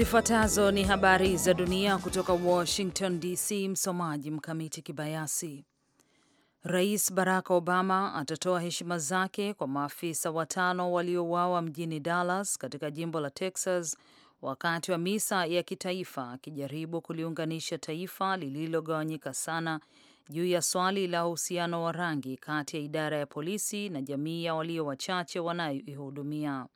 Zifuatazo ni habari za dunia kutoka Washington DC. Msomaji Mkamiti Kibayasi. Rais Barack Obama atatoa heshima zake kwa maafisa watano waliouawa mjini Dallas katika jimbo la Texas wakati wa misa ya kitaifa, akijaribu kuliunganisha taifa lililogawanyika sana juu ya swali la uhusiano wa rangi kati ya idara ya polisi na jamii ya walio wachache wanayoihudumia.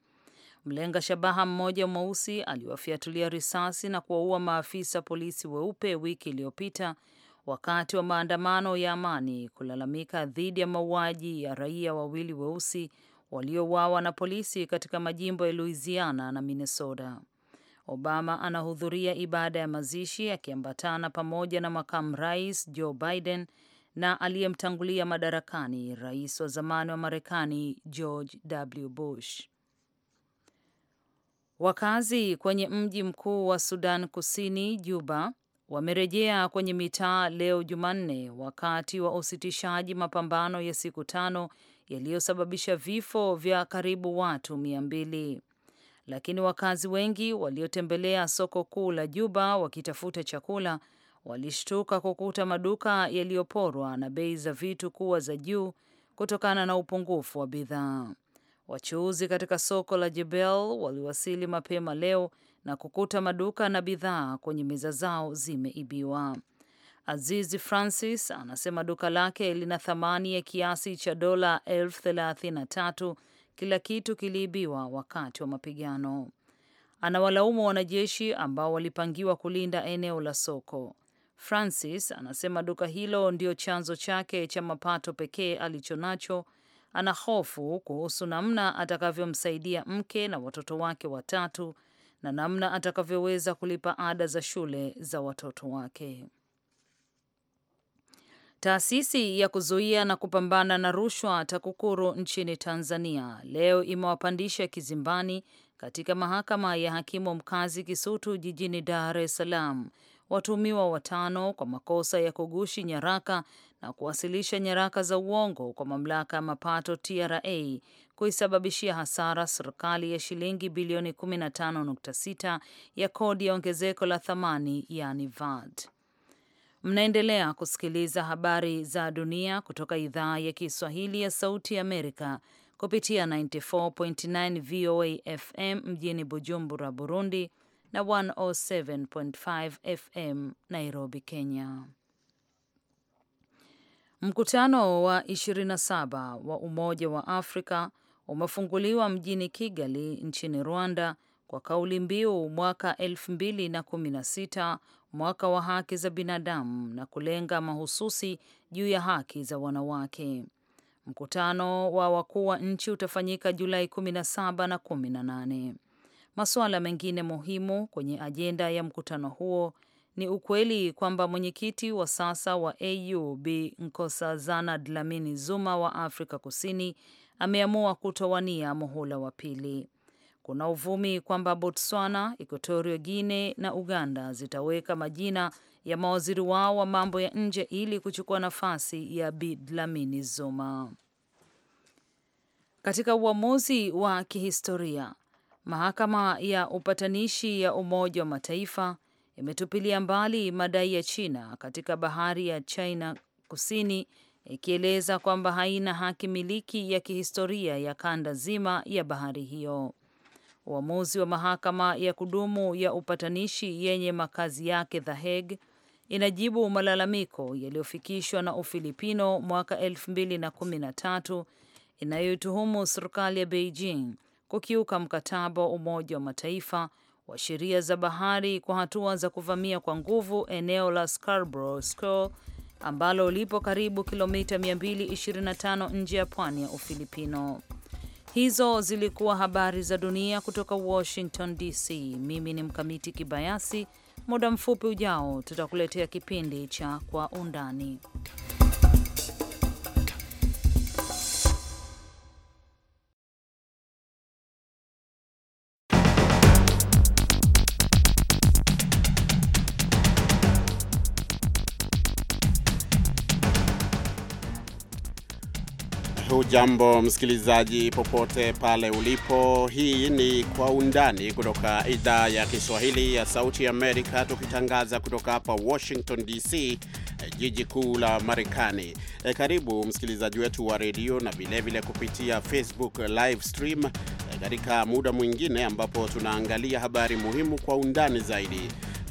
Mlenga shabaha mmoja mweusi aliwafiatulia risasi na kuwaua maafisa polisi weupe wiki iliyopita wakati wa maandamano ya amani kulalamika dhidi ya mauaji ya raia wawili weusi waliouawa na polisi katika majimbo ya Louisiana na Minnesota. Obama anahudhuria ibada ya mazishi akiambatana pamoja na makamu rais Joe Biden na aliyemtangulia madarakani rais wa zamani wa Marekani George W. Bush. Wakazi kwenye mji mkuu wa Sudan Kusini, Juba, wamerejea kwenye mitaa leo Jumanne, wakati wa usitishaji mapambano ya siku tano yaliyosababisha vifo vya karibu watu mia mbili lakini wakazi wengi waliotembelea soko kuu la Juba wakitafuta chakula walishtuka kukuta maduka yaliyoporwa na bei za vitu kuwa za juu kutokana na upungufu wa bidhaa. Wachuuzi katika soko la Jebel waliwasili mapema leo na kukuta maduka na bidhaa kwenye meza zao zimeibiwa. Azizi Francis anasema duka lake lina thamani ya kiasi cha dola elfu thelathini na tatu. Kila kitu kiliibiwa wakati wa mapigano. Anawalaumu wanajeshi ambao walipangiwa kulinda eneo la soko. Francis anasema duka hilo ndio chanzo chake cha mapato pekee alichonacho ana hofu kuhusu namna atakavyomsaidia mke na watoto wake watatu na namna atakavyoweza kulipa ada za shule za watoto wake. Taasisi ya kuzuia na kupambana na rushwa TAKUKURU nchini Tanzania leo imewapandisha kizimbani katika mahakama ya hakimu mkazi Kisutu jijini Dar es Salaam watuhumiwa watano kwa makosa ya kugushi nyaraka na kuwasilisha nyaraka za uongo kwa mamlaka ya mapato TRA kuisababishia hasara serikali ya shilingi bilioni 15.6 ya kodi ya ongezeko la thamani yani VAT. Mnaendelea kusikiliza habari za dunia kutoka idhaa ya Kiswahili ya Sauti ya Amerika kupitia 94.9 VOA FM mjini Bujumbura, Burundi na 107.5 FM Nairobi, Kenya. Mkutano wa 27 wa Umoja wa Afrika umefunguliwa mjini Kigali nchini Rwanda kwa kauli mbiu mwaka 2016 mwaka wa haki za binadamu na kulenga mahususi juu ya haki za wanawake. Mkutano wa wakuu wa nchi utafanyika Julai 17 na 18. Masuala mengine muhimu kwenye ajenda ya mkutano huo ni ukweli kwamba mwenyekiti wa sasa wa AU b Nkosazana Dlamini Zuma wa Afrika Kusini ameamua kutowania muhula wa pili. Kuna uvumi kwamba Botswana, Equatorio guine na Uganda zitaweka majina ya mawaziri wao wa mambo ya nje ili kuchukua nafasi ya Bi Dlamini Zuma. Katika uamuzi wa kihistoria, mahakama ya upatanishi ya Umoja wa Mataifa imetupilia mbali madai ya China katika bahari ya China Kusini, ikieleza kwamba haina haki miliki ya kihistoria ya kanda zima ya bahari hiyo. Uamuzi wa mahakama ya kudumu ya upatanishi yenye makazi yake The Hague inajibu malalamiko yaliyofikishwa na Ufilipino mwaka 2013 inayoituhumu serikali ya Beijing kukiuka mkataba wa Umoja wa Mataifa wa sheria za bahari kwa hatua za kuvamia kwa nguvu eneo la Scarborough Shoal ambalo lipo karibu kilomita 225 nje ya pwani ya Ufilipino. Hizo zilikuwa habari za dunia kutoka Washington DC. Mimi ni Mkamiti Kibayasi. Muda mfupi ujao tutakuletea kipindi cha Kwa Undani. Hujambo msikilizaji, popote pale ulipo. Hii ni Kwa Undani kutoka idhaa ya Kiswahili ya Sauti ya Amerika, tukitangaza kutoka hapa Washington DC, jiji kuu la Marekani. E, karibu msikilizaji wetu wa redio na vilevile kupitia Facebook live stream e, katika muda mwingine ambapo tunaangalia habari muhimu kwa undani zaidi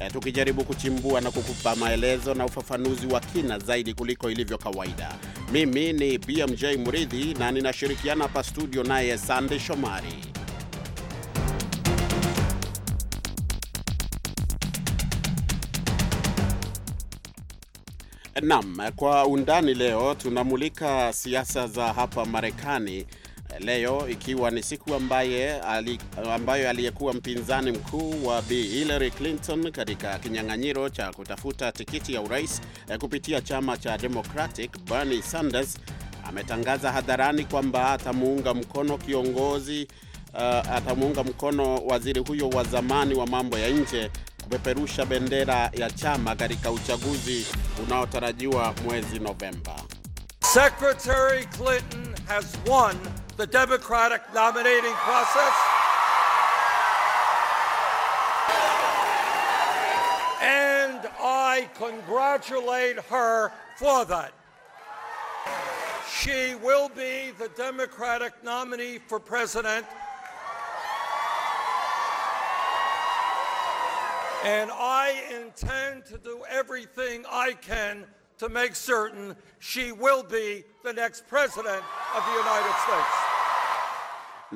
eh, tukijaribu kuchimbua na kukupa maelezo na ufafanuzi wa kina zaidi kuliko ilivyo kawaida. Mimi ni BMJ Muridhi na ninashirikiana hapa studio naye Sande Shomari. Naam, kwa undani leo tunamulika siasa za hapa Marekani leo ikiwa ni siku ambaye ali, ambayo aliyekuwa mpinzani mkuu wa Bi Hillary Clinton katika kinyang'anyiro cha kutafuta tikiti ya urais eh, kupitia chama cha Democratic Bernie Sanders ametangaza hadharani kwamba atamuunga mkono kiongozi uh, atamuunga mkono waziri huyo wa zamani wa mambo ya nje kupeperusha bendera ya chama katika uchaguzi unaotarajiwa mwezi Novemba. Secretary Clinton has won the Democratic nominating process. And I congratulate her for that. She will be the Democratic nominee for president. And I intend to do everything I can to make certain she will be the next president of the United States.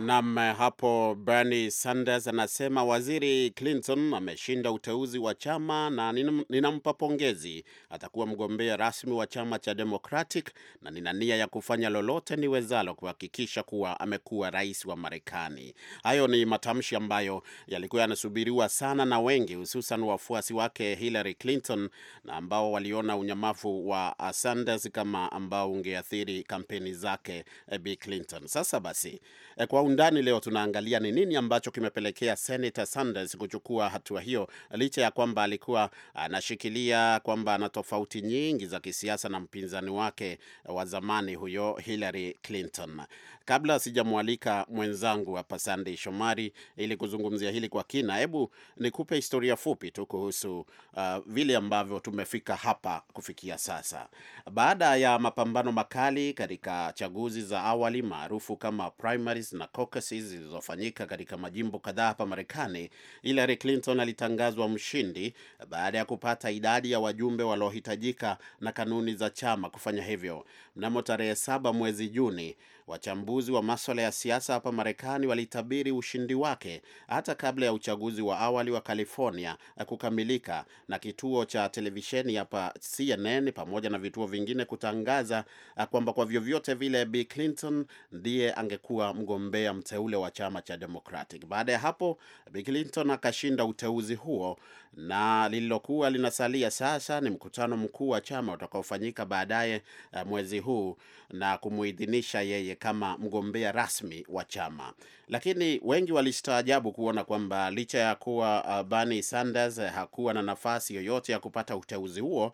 Nam hapo Bernie Sanders anasema waziri Clinton ameshinda uteuzi wa chama na ninampa pongezi. Atakuwa mgombea rasmi wa chama cha Democratic na nina nia ya kufanya lolote niwezalo kuhakikisha kuwa amekuwa rais wa Marekani. Hayo ni matamshi ambayo yalikuwa yanasubiriwa sana na wengi, hususan wafuasi wake Hillary Clinton na ambao waliona unyamavu wa Sanders kama ambao ungeathiri kampeni zake eh, Bi Clinton. Sasa basi eh, kwa undani leo tunaangalia ni nini ambacho kimepelekea Senator Sanders kuchukua hatua hiyo, licha ya kwamba alikuwa anashikilia kwamba ana tofauti nyingi za kisiasa na mpinzani wake wa zamani huyo Hillary Clinton. Kabla sijamwalika mwenzangu hapa Sandey Shomari ili kuzungumzia hili kwa kina, hebu nikupe historia fupi tu kuhusu uh, vile ambavyo tumefika hapa kufikia sasa. Baada ya mapambano makali katika chaguzi za awali maarufu kama primaries na caucuses zilizofanyika katika majimbo kadhaa hapa Marekani, Hillary Clinton alitangazwa mshindi baada ya kupata idadi ya wajumbe waliohitajika na kanuni za chama kufanya hivyo mnamo tarehe saba mwezi Juni, wachambuzi wa maswala ya siasa hapa Marekani walitabiri ushindi wake hata kabla ya uchaguzi wa awali wa California eh, kukamilika na kituo cha televisheni hapa CNN pamoja na vituo vingine kutangaza eh, kwamba kwa vyovyote vile Bi Clinton ndiye angekuwa mgombea mteule wa chama cha Democratic. Baada ya hapo, Bi Clinton akashinda uteuzi huo na lililokuwa linasalia sasa ni mkutano mkuu wa chama utakaofanyika baadaye eh, mwezi huu huu na kumuidhinisha yeye kama mgombea rasmi wa chama. Lakini wengi walistaajabu kuona kwamba licha ya kuwa uh, Bernie Sanders hakuwa na nafasi yoyote ya kupata uteuzi huo,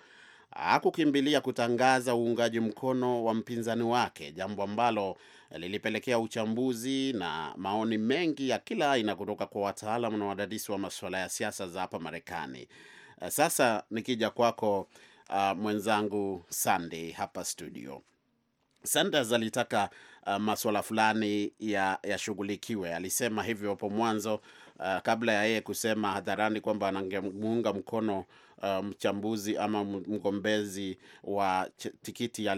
hakukimbilia kutangaza uungaji mkono wa mpinzani wake, jambo ambalo lilipelekea uchambuzi na maoni mengi ya kila aina kutoka kwa wataalamu na wadadisi wa masuala ya siasa za hapa Marekani. Sasa nikija kwako uh, mwenzangu Sandy hapa studio. Sanders alitaka uh, ah, masuala fulani yashughulikiwe ya alisema hivyo hapo mwanzo uh, kabla ya yeye kusema hadharani kwamba anangemuunga mkono Uh, mchambuzi um, ama mgombezi wa tikiti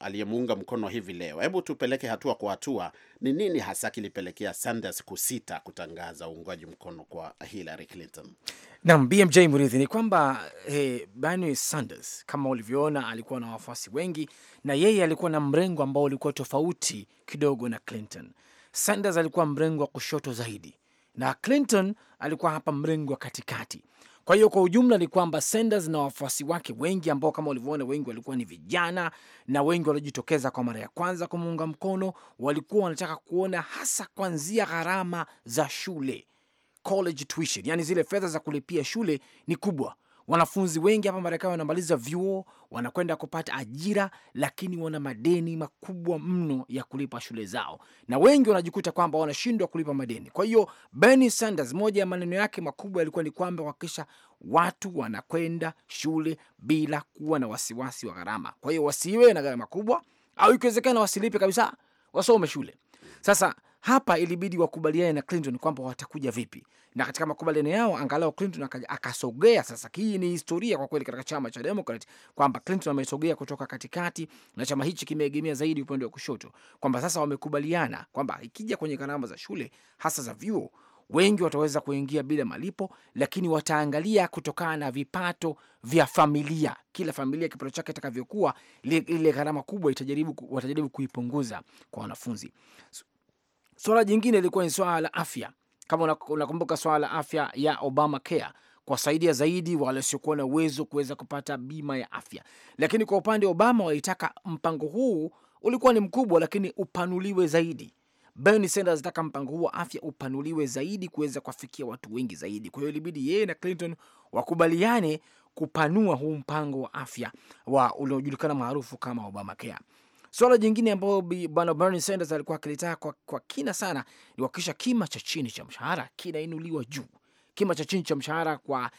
aliyemuunga mkono hivi leo. Hebu tupeleke hatua kwa hatua, ni nini hasa kilipelekea Sanders kusita kutangaza uungwaji mkono kwa Hillary Clinton? Naam, BMJ Murithi, ni kwamba hey, Bernie Sanders kama ulivyoona alikuwa na wafuasi wengi, na yeye alikuwa na mrengo ambao ulikuwa tofauti kidogo na Clinton. Sanders alikuwa mrengo wa kushoto zaidi na Clinton alikuwa hapa mrengo wa katikati. Kwa hiyo kwa ujumla ni kwamba Sanders na wafuasi wake wengi ambao kama ulivyoona wengi walikuwa ni vijana na wengi waliojitokeza kwa mara ya kwanza kumuunga mkono walikuwa wanataka kuona hasa kuanzia gharama za shule college tuition, yani zile fedha za kulipia shule ni kubwa Wanafunzi wengi hapa Marekani wanamaliza vyuo, wanakwenda kupata ajira, lakini wana madeni makubwa mno ya kulipa shule zao, na wengi wanajikuta kwamba wanashindwa kulipa madeni. Kwa hiyo Bernie Sanders, moja ya maneno yake makubwa yalikuwa ni kwamba kuhakikisha watu wanakwenda shule bila kuwa na wasiwasi wa gharama. Kwa hiyo wasiwe na gharama kubwa, au ikiwezekana wasilipe kabisa, wasome shule. Sasa hapa ilibidi wakubaliane na Clinton kwamba watakuja vipi, na katika makubaliano yao angalau Clinton akasogea. Sasa hii ni historia kwa kweli katika chama cha Democrat kwamba Clinton amesogea kutoka katikati na chama hichi kimeegemea zaidi upande wa kushoto, kwamba sasa wamekubaliana kwamba ikija kwenye gharama za shule hasa za vyuo wengi wataweza kuingia bila malipo, lakini wataangalia kutokana na vipato vya familia. Kila familia kipato chake itakavyokuwa, ile gharama kubwa itajaribu, watajaribu kuipunguza kwa wanafunzi. Swala jingine ilikuwa ni swala la afya. Kama unakumbuka, swala la afya ya obama Obamacare kuwasaidia zaidi wale wasiokuwa na uwezo kuweza kupata bima ya afya, lakini kwa upande wa Obama walitaka mpango huu ulikuwa ni mkubwa, lakini upanuliwe zaidi. Bernie Sanders mpango huu wa afya upanuliwe zaidi kuweza kuwafikia watu wengi zaidi. Kwa hiyo ilibidi yeye na Clinton wakubaliane kupanua huu mpango wa afya wa uliojulikana maarufu kama Obamacare. Swala jingine ambayo bwana Bernie Sanders alikuwa akilitaka kwa, kwa kina sana ni kuhakikisha kima cha chini cha mshahara kinainuliwa juu. Kima cha chini cha mshahara kwa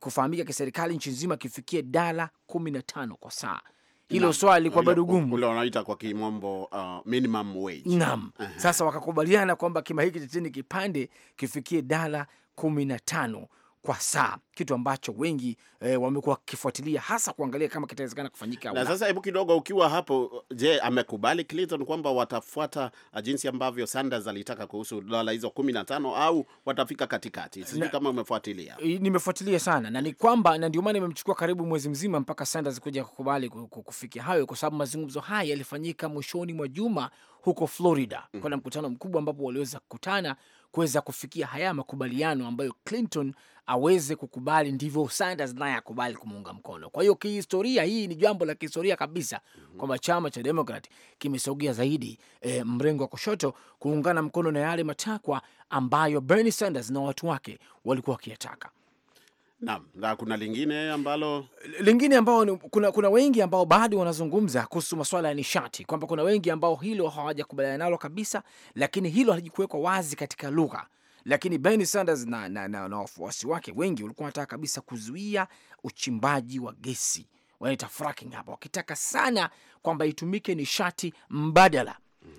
kufahamika kiserikali nchi nzima kifikie dala kumi na tano kwa saa. Hilo swali lilikuwa bado gumu, ule wanaita kwa kimombo uh, minimum wage. Naam. Uh -huh. Sasa wakakubaliana kwamba kima hiki cha chini kipande kifikie dala kumi na tano kwa saa, kitu ambacho wengi e, wamekuwa wakifuatilia hasa kuangalia kama kitawezekana kufanyika. Na sasa hebu kidogo, ukiwa hapo, je, amekubali Clinton kwamba watafuata ah, jinsi ambavyo Sanders alitaka kuhusu dola hizo kumi na tano au watafika katikati? Sijui kama umefuatilia. Nimefuatilia sana, na ni kwamba, na ndio maana imemchukua karibu mwezi mzima mpaka Sanders kuja kukubali kufikia hayo, kwa sababu mazungumzo haya yalifanyika mwishoni mwa juma huko Florida mm. kuna mkutano mkubwa ambapo waliweza kukutana kuweza kufikia haya makubaliano ambayo Clinton aweze kukubali, ndivyo Sanders naye akubali kumuunga mkono. Kwa hiyo kihistoria, hii ni jambo la kihistoria kabisa mm-hmm. kwamba chama cha Demokrat kimesogea zaidi e, mrengo wa kushoto kuungana mkono na yale matakwa ambayo Bernie Sanders na watu wake walikuwa wakiyataka. Naam, na kuna lingine ambalo lingine ambao kuna, kuna wengi ambao bado wanazungumza kuhusu masuala ya nishati kwamba kuna wengi ambao hilo hawajakubaliana nalo kabisa, lakini hilo halijikuwekwa wazi katika lugha lakini Bernie Sanders na, na, na, na wafuasi wake wengi walikuwa wanataka kabisa kuzuia uchimbaji wa gesi, wanaita fracking hapa, wakitaka sana kwamba itumike nishati mbadala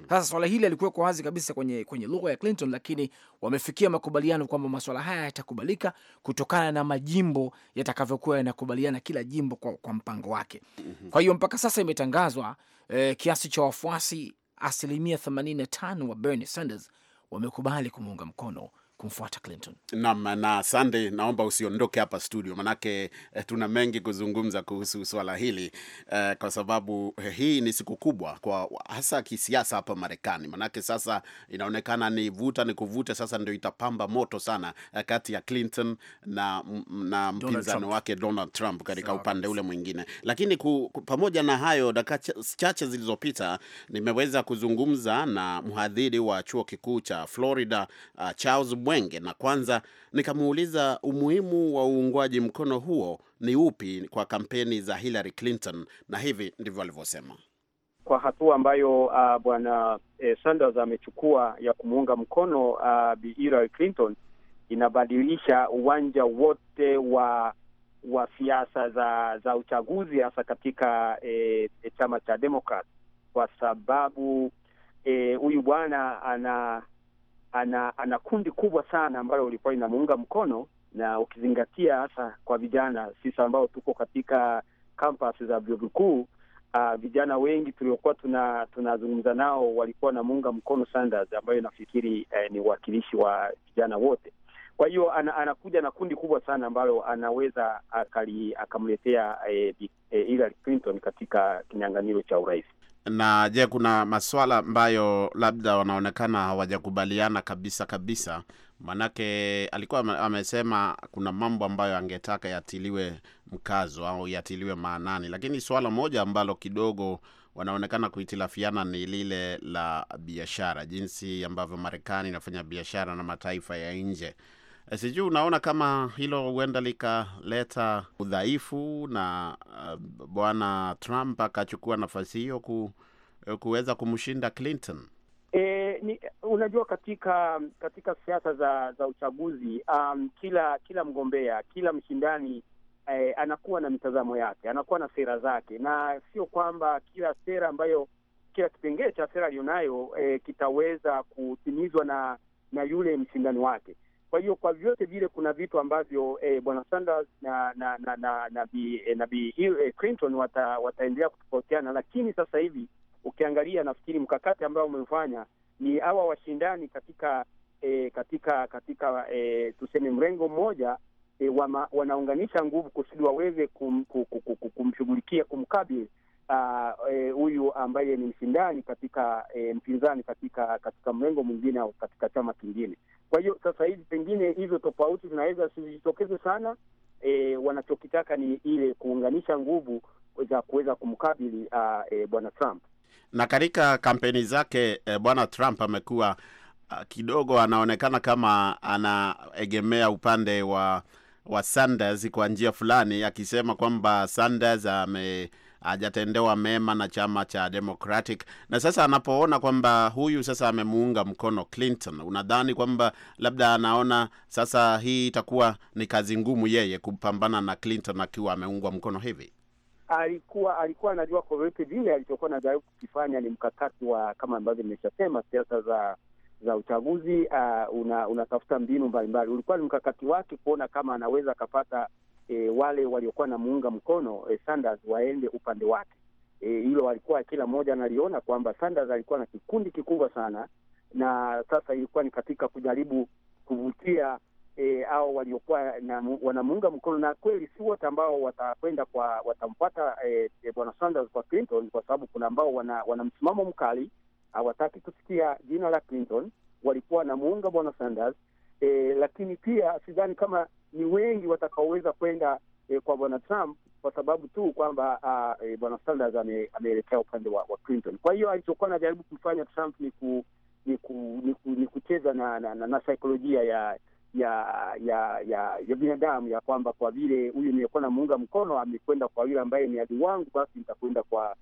sasa swala hili alikuwekwa wazi kabisa kwenye, kwenye lugha ya Clinton, lakini wamefikia makubaliano kwamba maswala haya yatakubalika kutokana na majimbo yatakavyokuwa yanakubaliana kila jimbo kwa, kwa mpango wake. Mhm. Kwa hiyo mpaka sasa imetangazwa eh, kiasi cha wafuasi asilimia 85 wa Bernie Sanders wamekubali kumuunga mkono kumfuata Clinton. Naam, na Sunday, naomba usiondoke hapa studio, manake eh, tuna mengi kuzungumza kuhusu swala hili eh, kwa sababu eh, hii ni siku kubwa kwa hasa kisiasa hapa Marekani, manake sasa inaonekana ni vuta ni kuvuta, sasa ndio itapamba moto sana eh, kati ya Clinton na, na mpinzani wake Donald Trump katika upande ule mwingine. Lakini ku, ku, pamoja na hayo, dakika chache zilizopita nimeweza kuzungumza na mhadhiri wa chuo kikuu cha Florida uh, Charles Mwenge, na kwanza nikamuuliza umuhimu wa uungwaji mkono huo ni upi kwa kampeni za Hillary Clinton, na hivi ndivyo alivyosema. Kwa hatua ambayo uh, bwana eh, Sanders amechukua ya kumuunga mkono uh, Bi Hillary Clinton inabadilisha uwanja wote wa wa siasa za za uchaguzi hasa katika eh, chama cha Democrat kwa sababu eh, huyu eh, bwana ana ana ana kundi kubwa sana ambalo ulikuwa inamuunga mkono, na ukizingatia hasa kwa vijana sisi ambao tuko katika kampas za vyo vikuu uh, vijana wengi tuliokuwa tuna tunazungumza nao walikuwa wanamuunga mkono Sanders, ambayo nafikiri eh, ni uwakilishi wa vijana wote. Kwa hiyo ana, anakuja na kundi kubwa sana ambalo anaweza akamletea eh, eh, Hillary Clinton katika kinyang'anyiro cha urahisi na je, kuna maswala ambayo labda wanaonekana hawajakubaliana kabisa kabisa? Manake alikuwa amesema kuna mambo ambayo angetaka yatiliwe mkazo au yatiliwe maanani, lakini swala moja ambalo kidogo wanaonekana kuhitilafiana ni lile la biashara, jinsi ambavyo Marekani inafanya biashara na mataifa ya nje. Eh, sijui unaona kama hilo huenda likaleta udhaifu na uh, bwana Trump akachukua nafasi hiyo ku, eh, kuweza kumshinda Clinton. E, ni, unajua katika katika siasa za za uchaguzi um, kila kila mgombea kila mshindani eh, anakuwa na mitazamo yake, anakuwa na sera zake, na sio kwamba kila sera ambayo kila kipengee cha sera aliyonayo eh, kitaweza kutimizwa na na yule mshindani wake kwa hiyo kwa vyote vile kuna vitu ambavyo eh, bwana Sanders na na na na, na bi, eh, na bi, eh, Clinton wata, wataendelea kutofautiana, lakini sasa hivi ukiangalia, nafikiri mkakati ambao umefanya ni hawa washindani katika eh, katika katika eh, tuseme mrengo mmoja eh, wama, wanaunganisha nguvu kusudi waweze kum, kum, kumshughulikia kumkabili ah, eh, huyu e, ambaye ni mshindani katika e, mpinzani katika katika mrengo mwingine au katika chama kingine. Kwa hiyo sasa hivi pengine hizo tofauti zinaweza zisijitokeze sana. E, wanachokitaka ni ile kuunganisha nguvu za kuweza kumkabili uh, e, bwana Trump. Na katika kampeni zake e, bwana Trump amekuwa uh, kidogo anaonekana kama anaegemea upande wa wa Sanders kwa njia fulani, akisema kwamba Sanders ame hajatendewa mema na chama cha Democratic, na sasa anapoona kwamba huyu sasa amemuunga mkono Clinton, unadhani kwamba labda anaona sasa hii itakuwa ni kazi ngumu yeye kupambana na Clinton akiwa ameungwa mkono hivi? Alikuwa alikuwa anajua kwa vyote vile alichokuwa najaribu kukifanya ni mkakati wa kama ambavyo imeshasema siasa za za uchaguzi uh, unatafuta una mbinu mbalimbali. Ulikuwa ni mkakati wake kuona kama anaweza akapata e, wale waliokuwa na muunga mkono e, Sanders waende upande wake. E, hilo e, walikuwa kila mmoja analiona kwamba Sanders alikuwa na kikundi kikubwa sana, na sasa ilikuwa ni katika kujaribu kuvutia e, au waliokuwa wanamuunga mkono, na kweli si wote ambao watakwenda kwa watamfuata e, e, bwana Sanders kwa Clinton, kwa sababu kuna ambao wana, wana msimamo mkali, hawataki kusikia jina la Clinton, walikuwa wanamuunga bwana Sanders e, lakini pia sidhani kama ni wengi watakaoweza kwenda eh, kwa bwana Trump kwa sababu tu kwamba uh, eh, bwana Sanders ameelekea upande wa, wa Clinton. Kwa hiyo alichokuwa anajaribu kumfanya Trump ni ku, ni, ku, ni, ku, ni kucheza na, na, na, na saikolojia ya ya ya ya, ya binadamu ya kwamba kwa vile huyu nilikuwa namuunga mkono amekwenda kwa yule ambaye ni adi wangu, basi nitakwenda kwa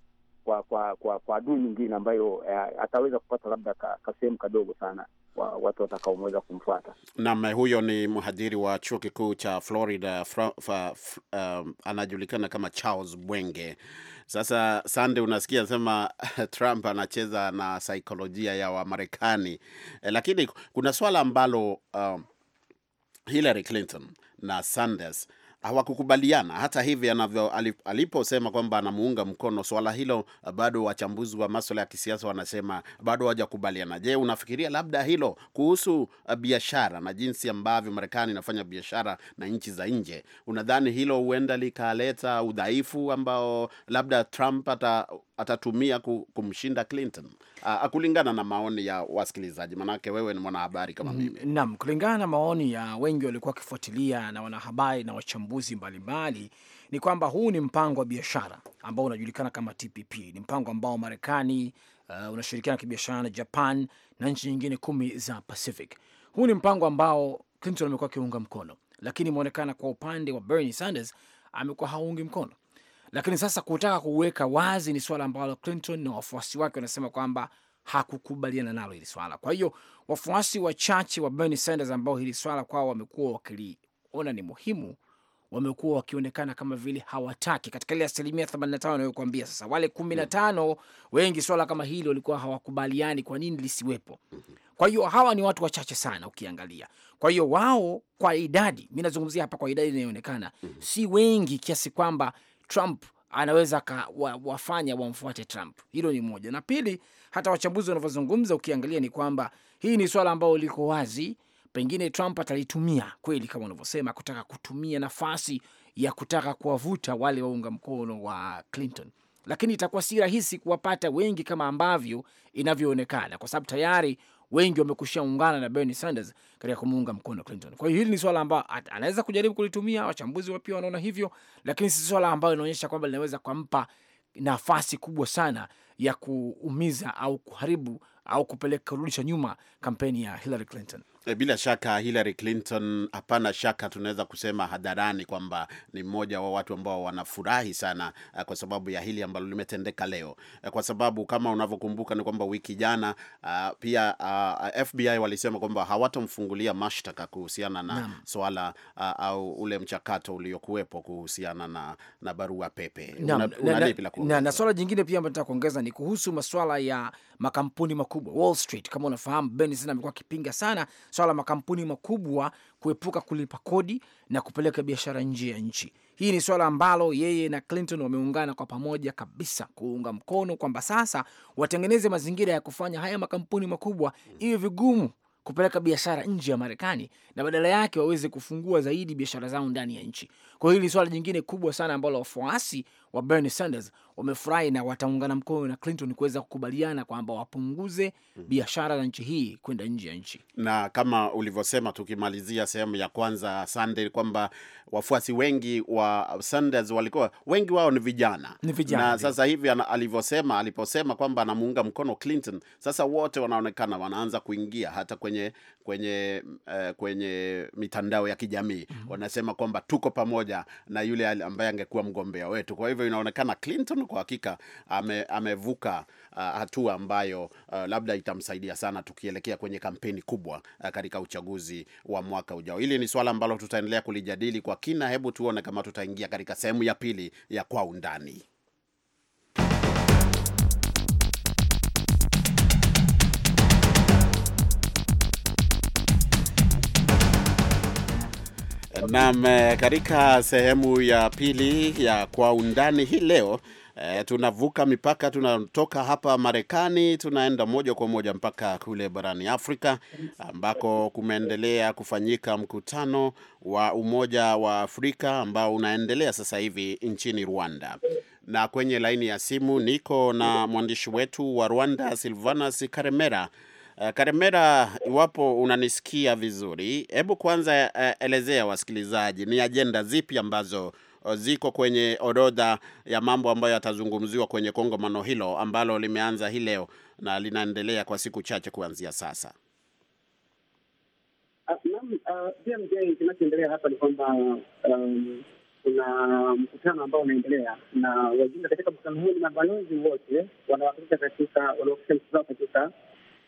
kwa kwa kwa kwa adui nyingine ambayo eh, ataweza kupata labda kasehemu ka kadogo sana wa watu watakaomweza kumfuata. Naam, huyo ni mhadhiri wa chuo kikuu cha Florida fra, fra, fra, um, anajulikana kama Charles Bwenge. Sasa Sande, unasikia sema Trump anacheza na saikolojia ya Wamarekani eh, lakini kuna swala ambalo um, Hillary Clinton na Sanders hawakukubaliana. Hata hivi anavyo aliposema kwamba anamuunga mkono swala hilo, uh, bado wachambuzi wa maswala ya kisiasa wanasema bado hawajakubaliana. Je, unafikiria labda hilo kuhusu uh, biashara na jinsi ambavyo Marekani inafanya biashara na nchi za nje, unadhani hilo huenda likaleta udhaifu ambao labda Trump ata atatumia kumshinda Clinton uh, kulingana na maoni ya wasikilizaji? Manake wewe ni mwanahabari kama mimi. Naam, kulingana na maoni ya wengi waliokuwa wakifuatilia na wanahabari na wachambuzi wachambuzi mbalimbali ni kwamba huu ni mpango wa biashara ambao unajulikana kama TPP. Ni mpango ambao Marekani uh, unashirikiana kibiashara na Japan na nchi nyingine kumi za Pacific. Huu ni mpango ambao Clinton amekuwa akiunga mkono, lakini imeonekana kwa upande wa Bernie Sanders amekuwa haungi mkono lakini sasa kutaka kuweka wazi ni swala ambalo Clinton na wafuasi wake wanasema kwamba hakukubaliana nalo hili swala. Kwa hiyo wafuasi wachache wa Bernie Sanders ambao hili swala kwao wamekuwa wakiliona ni muhimu wamekuwa wakionekana kama vile hawataki katika ile asilimia 85 anayokuambia sasa. Wale 15 mm. wengi swala kama hili walikuwa hawakubaliani, kwa nini lisiwepo. Kwa hiyo hawa ni watu wachache sana ukiangalia. Kwa hiyo wao kwa idadi, mi nazungumzia hapa kwa idadi inayoonekana mm-hmm. si wengi kiasi kwamba Trump anaweza ka, wa, wafanya wamfuate Trump. Hilo ni moja, na pili, hata wachambuzi wanavyozungumza ukiangalia ni kwamba hii ni swala ambalo liko wazi pengine Trump atalitumia kweli kama unavyosema, kutaka kutumia nafasi ya kutaka kuwavuta wale waunga mkono wa Clinton, lakini itakuwa si rahisi kuwapata wengi kama ambavyo inavyoonekana, kwa sababu tayari wengi wamekusha ungana na Bernie Sanders katika kumuunga mkono Clinton. Kwa hiyo hili ni swala ambayo anaweza kujaribu kulitumia, wachambuzi wapia wanaona hivyo, lakini si swala ambayo inaonyesha kwamba linaweza kumpa nafasi kubwa sana ya kuumiza au kuharibu au kupeleka kurudisha nyuma kampeni ya Hillary Clinton. Eh, bila shaka Hillary Clinton, hapana shaka tunaweza kusema hadharani kwamba ni mmoja wa watu ambao wanafurahi sana eh, kwa sababu ya hili ambalo limetendeka leo, eh, kwa sababu kama unavyokumbuka ni kwamba wiki jana uh, pia uh, ah, FBI walisema kwamba hawatamfungulia mashtaka kuhusiana na Naam. swala uh, au ule mchakato uliokuwepo kuhusiana na, na barua pepe Naam. Una, una na, na, na, na swala jingine pia ambalo nataka kuongeza ni kuhusu masuala ya makampuni makubwa Wall Street. Kama unafahamu, Benson amekuwa akipinga sana swala la makampuni makubwa kuepuka kulipa kodi na kupeleka biashara nje ya nchi. Hii ni swala ambalo yeye na Clinton wameungana kwa pamoja kabisa kuunga mkono kwamba sasa watengeneze mazingira ya kufanya haya makampuni makubwa iwe vigumu kupeleka biashara nje ya Marekani na badala yake waweze kufungua zaidi biashara zao ndani ya nchi. Kwa hiyo hili swala jingine kubwa sana ambalo wafuasi wa Bernie Sanders wamefurahi na wataungana mkono na Clinton kuweza kukubaliana kwamba wapunguze mm-hmm. biashara za nchi hii kwenda nje ya nchi. Na kama ulivyosema, tukimalizia sehemu ya kwanza Sande, kwamba wafuasi wengi wa Sanders walikuwa wengi wao ni vijana, ni vijana na Sasa hivi alivyosema, aliposema kwamba anamuunga mkono Clinton, sasa wote wanaonekana wanaanza kuingia hata kwenye kwenye kwenye uh, kwenye mitandao ya kijamii mm -hmm. Wanasema kwamba tuko pamoja na yule ambaye angekuwa mgombea wetu. Kwa hivyo inaonekana Clinton kwa hakika ame, amevuka uh, hatua ambayo uh, labda itamsaidia sana tukielekea kwenye kampeni kubwa uh, katika uchaguzi wa mwaka ujao. Hili ni swala ambalo tutaendelea kulijadili kwa kina. Hebu tuone kama tutaingia katika sehemu ya pili ya kwa undani. Naam, eh, katika sehemu ya pili ya kwa undani hii leo e, tunavuka mipaka, tunatoka hapa Marekani tunaenda moja kwa moja mpaka kule barani Afrika ambako kumeendelea kufanyika mkutano wa Umoja wa Afrika ambao unaendelea sasa hivi nchini Rwanda na kwenye laini ya simu niko na mwandishi wetu wa Rwanda Silvanus Karemera Eh, Karemera, iwapo unanisikia vizuri, hebu kwanza uh, elezea wasikilizaji ni ajenda zipi ambazo eh, ziko kwenye orodha ya mambo ambayo yatazungumziwa kwenye kongamano hilo ambalo limeanza hii leo na linaendelea kwa siku chache kuanzia sasa. Ah, ah, BMJ, uh, kinachoendelea hapa ni kwamba um, kuna mkutano ambao unaendelea na wajumbe katika mkutano huu ni mabalozi wote wanawakilisha katika wanawakilisha nchi zao katika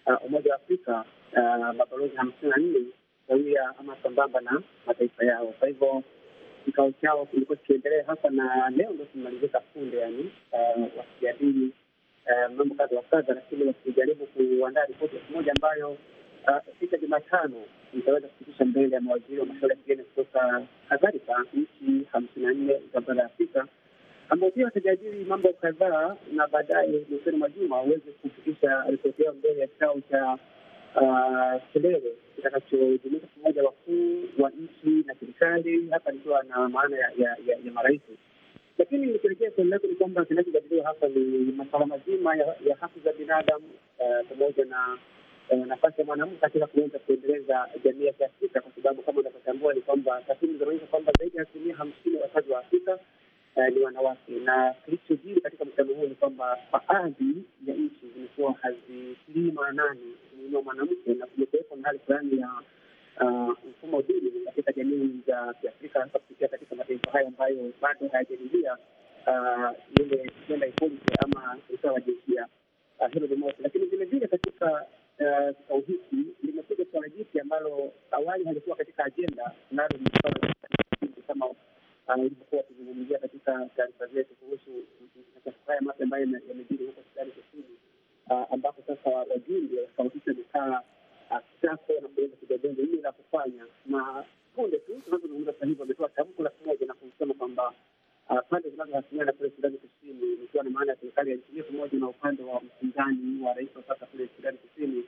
Uh, Umoja wa Afrika uh, mabalozi hamsini na nne sawia ama sambamba na mataifa yao. Kwa hivyo kikao chao kilikuwa kikiendelea hasa na leo ndo kimemalizika punde, yani uh, wakijadili mambo kadha wa kadha, lakini wakijaribu kuandaa ripoti ya pamoja ambayo ikifika Jumatano itaweza kufikisha mbele ya mawaziri wa mashauri ya kigeni kutoka kadhalika nchi hamsini na nne za bara la Afrika ambao pia watajadili mambo kadhaa na baadaye mwishoni mwa juma waweze kufikisha ripoti yao mbele ya kikao cha Selele ah, kitakachojumuisha pamoja wakuu wa nchi na serikali, hapa nikiwa na maana ya marais. Lakini nikielekea swali lako, ni kwamba kinachojadiliwa hapa ni masuala mazima ya haki za binadamu ah, pamoja na eh, nafasi ya mwanamke katika kuweza kuendeleza jamii ya Kiafrika, kwa sababu kama unavyotambua ni kwamba takwimu zinaonyesha kwamba zaidi ya asilimia hamsini wakazi wa Afrika ni wanawake. Na kilichojiri katika mkutano huo ni kwamba baadhi ya nchi zimekuwa hazitilii maanani umuhimu mwanamke na kumekuwepo na hali fulani ya uh, mfumo duni katika jamii za Kiafrika, hasa kupitia katika mataifa hayo ambayo bado hayajadilia uh, ile gender equality ama usawa wa jinsia. Hilo limoja, lakini vilevile katika uh, kikao hiki limekuja kwa jipya ambalo awali halikuwa katika ajenda, nalo ni kama ilikuwa tukizungumzia katika taarifa zetu kuhusu machafuko haya mapya ambayo yamejiri huko Sudani Kusini, ambapo sasa wajumbe wa mikaa wamekaa kitako na kuweza kujadili nini la kufanya, na punde tu tunazozungumza sasa hivi wametoa tamko la pamoja na kusema kwamba pande zinazohasimiana kule Sudani Kusini, ikiwa na maana ya serikali ya nchi hiyo pamoja na upande wa mpinzani wa rais wa sasa kule Sudani Kusini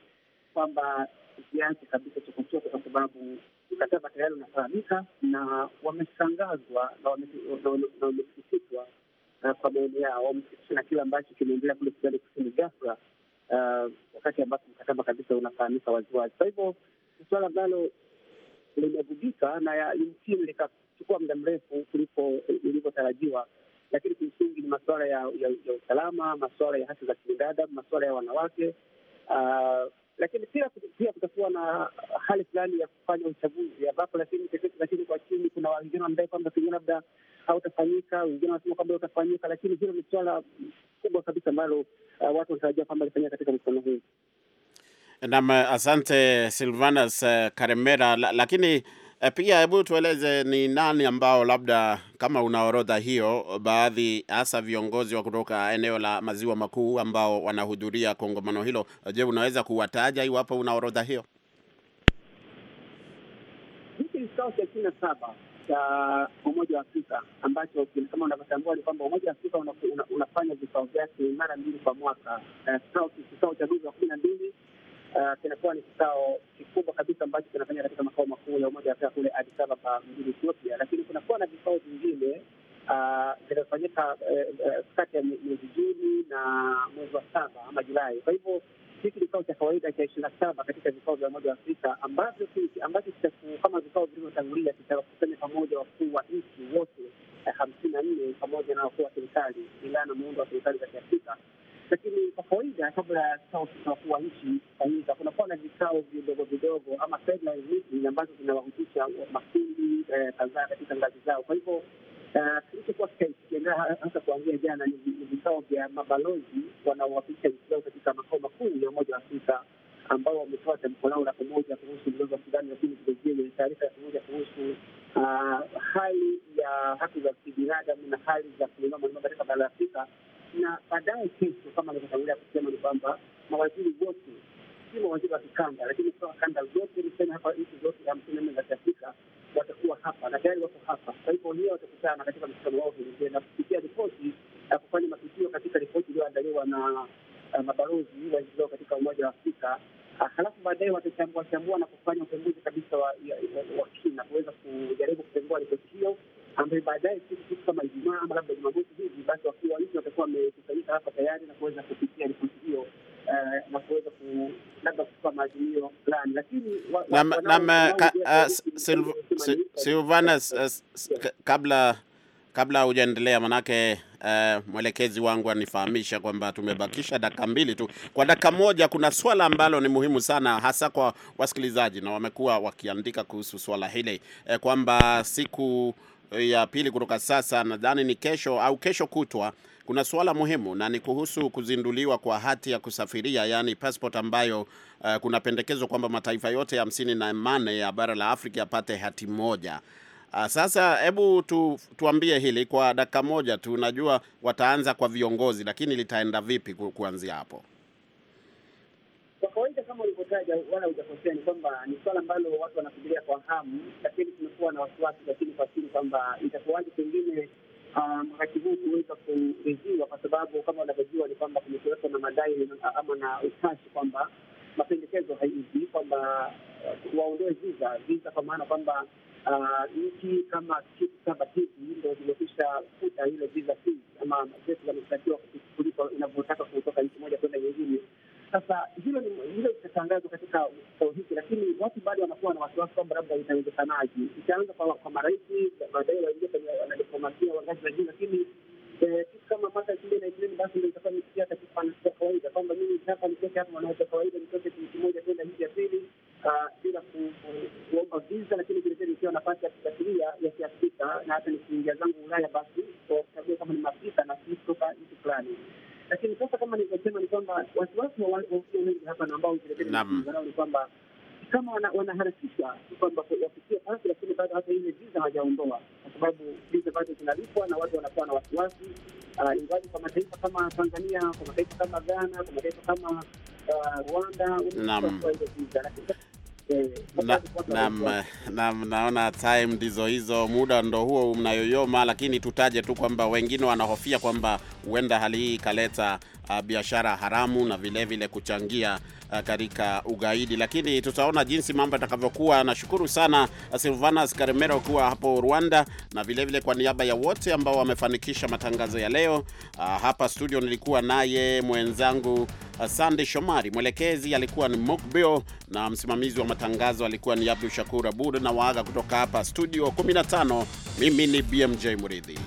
kwamba kiasi kabisa chokochoko, kwa sababu mkataba tayari unafahamika na wameshangazwa na wamesikitishwa uh, kwa maoni yao, wamesikitishwa na kile ambacho kimeendelea kule Sudani Kusini ghafla, uh, wakati ambapo mkataba kabisa unafahamika waziwazi. Kwa hivyo ni suala ambalo limegubika na yumkini likachukua muda mrefu kuliko ilivyotarajiwa, lakini kimsingi ni masuala ya, ya, ya usalama, masuala ya haki za kibinadamu, masuala ya wanawake uh, lakini pia pia kutakuwa na hali fulani ya kufanya uchaguzi ambapo, lakini lakini kwa chini kuna wengine wanadai kwamba pengine labda hautafanyika, wengine wanasema kwamba utafanyika, lakini hilo ni suala kubwa kabisa ambalo uh, watu wanatarajia kwamba alifanyika katika mkutano huu. Naam, asante Silvanus uh, Karemera. Lakini Eh, pia hebu tueleze ni nani ambao labda kama una orodha hiyo, baadhi hasa viongozi wa kutoka eneo la maziwa makuu ambao wanahudhuria kongamano hilo. Je, unaweza kuwataja iwapo una orodha hiyo? Hiki ni kikao cha ishirini na saba cha Umoja wa Afrika ambacho kama unavyotambua ni kwamba Umoja wa Afrika unafanya vikao vyake mara mbili kwa mwaka, eh, kikao cha mwezi wa kumi na mbili Uh, kinakuwa ni kikao kikubwa kabisa ambacho kinafanyika katika makao makuu ya Umoja wa Afrika kule Addis Ababa mjini Ethiopia, lakini kunakuwa na vikao vingine uh, vinafanyika uh, kati ya mwezi Juni na mwezi wa saba ama Julai. Kwa hivyo hiki kikao cha kawaida cha ishirini na saba katika vikao vya Umoja wa Afrika ambavyo ambacho kama vikao vilivyotangulia kitakusanya pamoja wakuu wa nchi wote hamsini na nne pamoja na wakuu wa serikali, ilaa na muundo wa serikali za Kiafrika lakini kwa kawaida, kabla ya kikao kitakuwa nchi kufanyika, kunakuwa na vikao vidogo vidogo ama ambazo zinawahusisha makundi eh, kadhaa katika ngazi zao. Kwa hivyo eh, kilichokuwa kikiendelea hasa kuanzia jana ni vikao vya mabalozi wanaowakilisha nchi zao katika makao makuu ya Umoja wa Afrika ambao wametoa tamko lao la pamoja kuhusu mzozo wa Sudani, lakini vilevile wenye taarifa ya pamoja kuhusu ah, hali ya haki za kibinadamu na hali za kuinua maneno katika bara la Afrika na baadaye kesho, kama alivyotangulia kusema, ni kwamba mawaziri wote, si mawaziri wa kikanda, lakini kutoka kanda zote, niseme hapa, nchi zote hamsini na nne za Kiafrika watakuwa hapa na tayari wako hapa. Kwa hivyo hiyo watakutana katika mkutano wao vilevile na kupitia ripoti na kufanya mapitio katika ripoti iliyoandaliwa na eh, mabalozi wa nchi zao katika Umoja wa Afrika. Ah, halafu baadaye watachambua chambua na kufanya upembuzi kabisa wa kina kuweza kujaribu kutengua ripoti hiyo ambaye baadaye siku kama Ijumaa ama labda Jumamosi hivi, basi wakuu wa nchi watakuwa wamekusanyika hapa tayari na kuweza kupitia ripoti hiyo eh, na kuweza labda kuchukua maazimio fulani, lakini Silvanus, eh, kabla kabla hujaendelea manake Uh, mwelekezi wangu anifahamisha kwamba tumebakisha dakika mbili tu. Kwa dakika moja, kuna swala ambalo ni muhimu sana, hasa kwa wasikilizaji, na wamekuwa wakiandika kuhusu swala hili eh, kwamba siku Eh, ya pili kutoka sasa, nadhani ni kesho au kesho kutwa, kuna suala muhimu na ni kuhusu kuzinduliwa kwa hati ya kusafiria yani passport ambayo uh, kuna pendekezo kwamba mataifa yote hamsini na nane ya bara la Afrika yapate hati moja. Uh, sasa hebu tu, tuambie hili kwa dakika moja tu. Najua wataanza kwa viongozi, lakini litaenda vipi kuanzia hapo? utangazaji wala hujakosea, ni kwamba ni swala ambalo watu wanafikiria kwa hamu, lakini kumekuwa na wasiwasi kwa chini kwa chini kwamba itakuwaje pengine um, wakati huu kuweza kuriziwa, kwa sababu kama wanavyojua ni kwamba kumekuwepo na madai ama na utashi kwamba mapendekezo haizi kwamba waondoe viza viza, kwa maana kwamba uh, nchi kama kitu saba hivi ndo zimekwisha kuta ile viza ama zetu zinatakiwa kuliko inavyotaka kutoka nchi moja kwenda nyingine sasa hilo hilo litatangazwa katika kikao hiki, lakini watu bado wanakuwa na wasiwasi kwamba labda itawezekanaje, itaanza kwa marais, baadaye waingia kwenye wanadiplomasia wa ngazi za juu, lakini eh, kitu kama mwaka elfu mbili na ishirini basi ndo itakuwa katika siasa ya kawaida kwamba mimi hapa nitoke hapa wanaweza kawaida nitoke nchi moja kwenda nchi ya pili ah, bila kuomba visa, lakini vilevile nikiwa nafasi ya kusafiria ya Kiafrika na hata nikiingia zangu Ulaya basi kwamba wasiwasi wa walio wengi hapa na ambao vilevile ni kwamba kama kwamba wafikie pasi, lakini bado hata ile hawajaondoa, kwa sababu bado zinalipwa na watu wanakuwa na wasiwasi, ah, ingawaji kwa mataifa kama Tanzania, kwa mataifa kama Ghana, kwa mataifa kama ah, Rwanda ile eh, na, na, naona time ndizo hizo, muda ndo huo unayoyoma lakini tutaje tu kwamba wengine wanahofia kwamba huenda hali hii ikaleta uh, biashara haramu na vilevile vile kuchangia uh, katika ugaidi, lakini tutaona jinsi mambo yatakavyokuwa. Nashukuru sana uh, Silvanas Karemero kuwa hapo Rwanda, na vilevile vile kwa niaba ya wote ambao wamefanikisha matangazo ya leo uh, hapa studio nilikuwa naye mwenzangu uh, Sande Shomari, mwelekezi alikuwa ni Mokbeo na msimamizi wa matangazo alikuwa ni Abdu Shakur Abud. Na waaga kutoka hapa studio 15, mimi ni BMJ Muridhi.